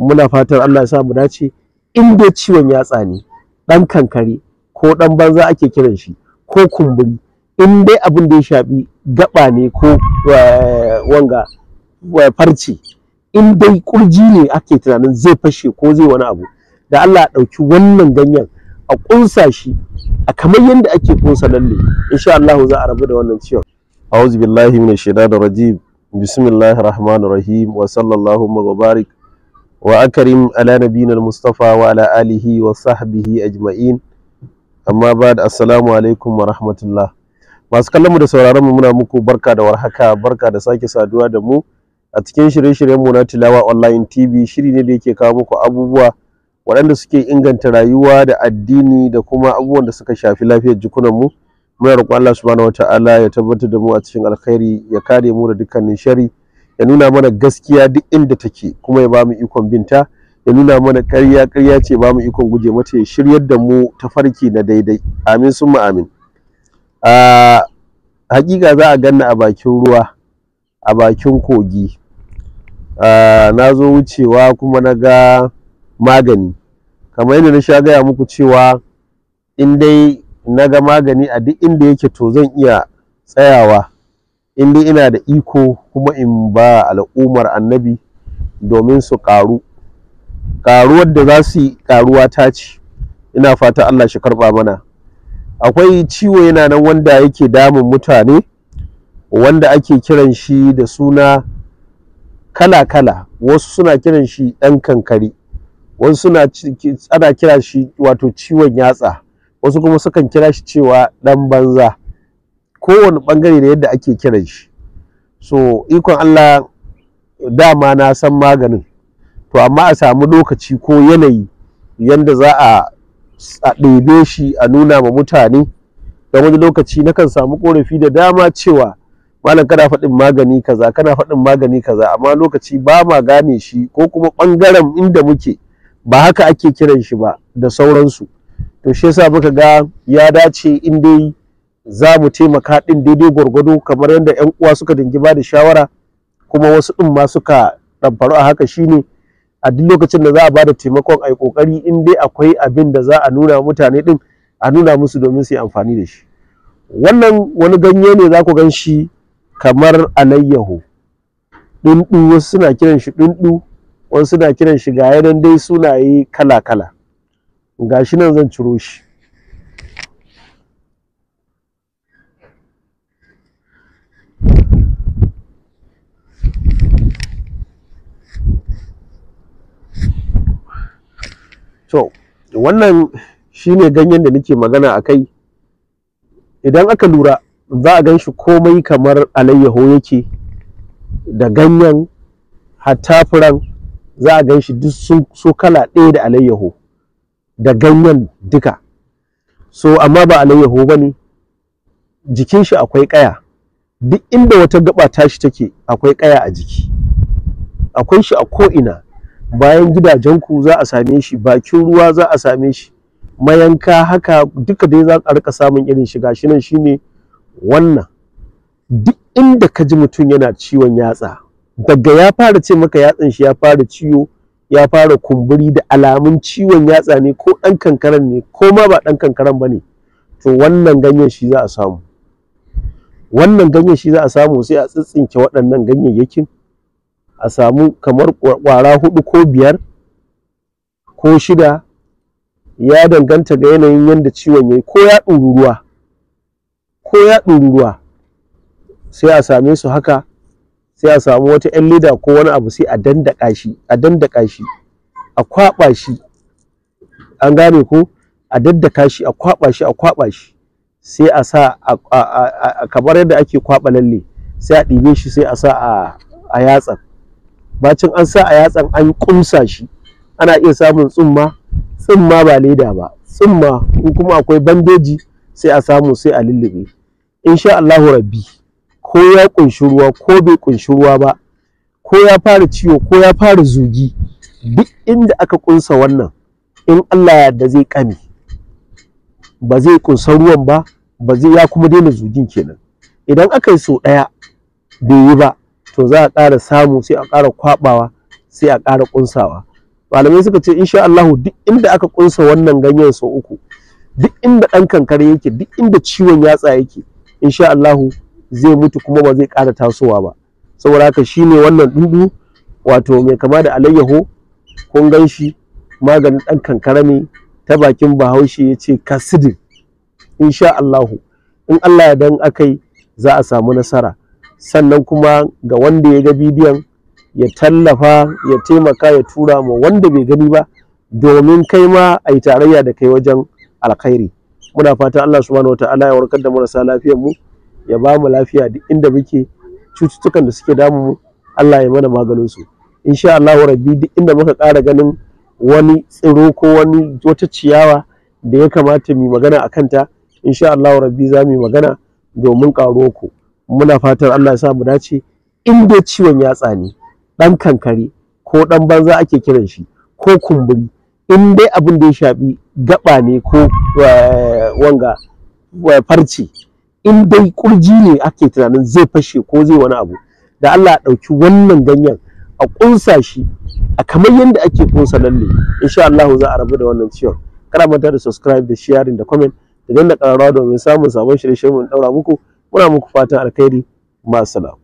muna fatan Allah ya sa mu dace in dai ciwon ya tsani dan kankare ko dan banza ake kiran shi ko kumburi in dai abin da ya shafi gaba ne ko eh, wanga eh, farce in dai kurji ne ake tunanin zai fashe ko zai wani abu da Allah ɗauki wannan ganyen a ƙusa shi a kamar yadda ake kunsa lalle insha Allah za a rabu da wannan ciwon a'udhu billahi minash shaitanir rajim bismillahir rahmanir rahim wa sallallahu wa barik وأكرم على نبينا المصطفى wa آله وصحبه أجمعين amma ba da assalamu alaikum wa rahmatullah masu kallon mu da sauraron mu muna muku barka da warhaka barka da sake saduwa da mu a cikin shirye-shiryen mu na tilawa online tv shiri ne da yake kawo muku abubuwa waɗanda suke inganta rayuwa da addini da kuma abubuwan da suka shafi lafiyar jikunan mu muna roƙon Allah subhanahu wataala ya tabbatar da mu a cikin alkhairi ya kare mu da dukkanin shari ya nuna mana gaskiya duk inda take kuma ya ba mu ikon binta ya nuna mana ƙarya ƙarya ce ba mu ikon guje mata ya shiryar da mu ta farki na daidai amin sun amin a hakika za a ganna a bakin ruwa a bakin kogi na zo wucewa kuma na ga magani kamar yadda na sha gaya muku cewa in dai na ga magani a duk inda yake to zan iya tsayawa in dai ina da iko kuma in ba al'ummar annabi domin su ƙaru ƙaruwar da za su yi ƙaruwa ta ce ina fata Allah shi karɓa mana akwai ciwo yana nan wanda yake damun mutane wanda ake kiran shi da suna kala-kala wasu suna kiran shi ɗan kankari wasu suna ana kira shi wato ciwon yatsa wasu kuma sukan kira shi cewa ɗan banza kowane ɓangare da yadda ake kiran shi so ikon Allah dama na san maganin to amma a samu lokaci ko yanayi yadda za a a shi a nuna ma mutane don wani lokaci na kan samu korafi da dama cewa malam kana faɗin magani kaza kana faɗin magani kaza amma lokaci ba ma gane shi ko kuma ɓangaren inda muke ba haka ake kiran shi ba da sauransu to shi yasa muka ga ya dace in dai za mu taimaka ɗin daidai gwargwado kamar yadda 'yan uwa suka dingi ba da shawara kuma wasu ɗin ma suka ɗamfaru a haka shine a duk lokacin da za a ba da taimakon a yi ƙoƙari in dai akwai abin da za a nuna mutane ɗin a nuna musu domin su yi amfani da shi wannan wani ganye ne za ku gan shi kamar alayyahu ɗunɗu wasu suna kiran shi ɗunɗu wasu suna kiran shi ga yanan dai sunaye kala-kala ga shi nan zan ciro shi to wannan shine ganyen da nake magana a kai idan aka lura za a gan shi komai kamar alayyaho yake da ganyen hatta furan za a gan shi duk su kala ɗaya da alayyaho da ganyen duka so amma ba alayyaho ba ne jikin shi akwai ƙaya duk inda wata gaba tashi take akwai ƙaya a jiki akwai shi a ko'ina bayan gidajenku za a same shi bakin ruwa za a same shi mayanka haka duka dai za a rika samun irin shiga shi nan shine wannan duk inda ka ji mutum yana ciwon yatsa daga ya fara ce maka yatsan shi ya fara ciwo ya fara kumburi da alamun ciwon yatsa ne ko ɗan kankaran ne ko ma ba ɗan kankaran ba ne to wannan ganyen shi za a samu wannan ganyen shi za a samu sai a tsintsinke waɗannan ganyayyakin a samu kamar kwara hudu ko biyar ko shida ya danganta ga yanayin yadda ciwon ya yi ko ya ɗururuwa ko ya ɗururuwa sai a same su haka sai a samu wata 'yan leda ko wani abu sai a dandaka shi a dandaka shi a kwaɓa shi an gane ko a daddaka shi a kwaɓa shi a kwaɓa shi sai a sa a kamar yadda ake kwaɓa lalle sai a ɗibe shi sai a sa a yatsa bacin an sa a yatsan an kumsa shi ana iya samun tsumma tsumma ba leda ba tsumma in kuma akwai bandeji sai a samu sai a lullube insha Allahu rabbi ko ya kunshi ruwa ko bai kunshi ruwa ba ko ya fara ciwo ko ya fara zugi duk inda aka kunsa wannan in Allah ya yarda zai kame ba zai kunsa ruwan ba ba zai ya kuma daina zugin kenan idan aka yi so ɗaya bai yi ba to za a ƙara samu sai a ƙara kwabawa sai a ƙara ƙunsawa. malamai suka ce insha Allah duk inda aka ƙunsa wannan ganyen sau uku duk inda ɗan kankare yake duk inda ciwon yatsa yake insha Allah zai mutu kuma ba zai ƙara tasowa ba saboda haka shine wannan dudu wato mai kama da alayyaho kun gan shi maganin ɗan kankare ne ta bakin bahaushe ya ce kasidin insha Allah in Allah ya dan akai za a samu nasara sannan kuma ga wanda ya ga bidiyon ya tallafa ya taimaka ya tura ma wanda bai gani ba domin kai ma a yi tarayya da kai wajen alkhairi muna fatan Allah subhanahu wataala ya warkar da marasa lafiyar mu ya ba mu lafiya duk inda muke cututtukan da suke damu mu Allah ya mana maganin su insha Allah rabbi duk inda muka kara ganin wani tsiro ko wani wata ciyawa da ya kamata mu magana akan ta insha Allah rabbi za mu yi magana domin ƙaruwa ku muna fatan Allah ya sa mu dace in dai ciwon ya tsani, dan kankare ko dan banza ake kiran shi ko kumburi in dai abin da ya shafi gaba ne ko eh, wanga eh, farce in dai kurji ne ake tunanin zai fashe ko zai wani abu da Allah ya ɗauki wannan ganyen a ƙusa shi a kamar yadda ake ƙusa lalle insha Allah za a rabu da wannan ciwon kana da subscribe da sharing da comment da danna ƙararrawa domin samun sabon shirye-shiryen mu daura muku muna muku fatan alkhairi ma'assalam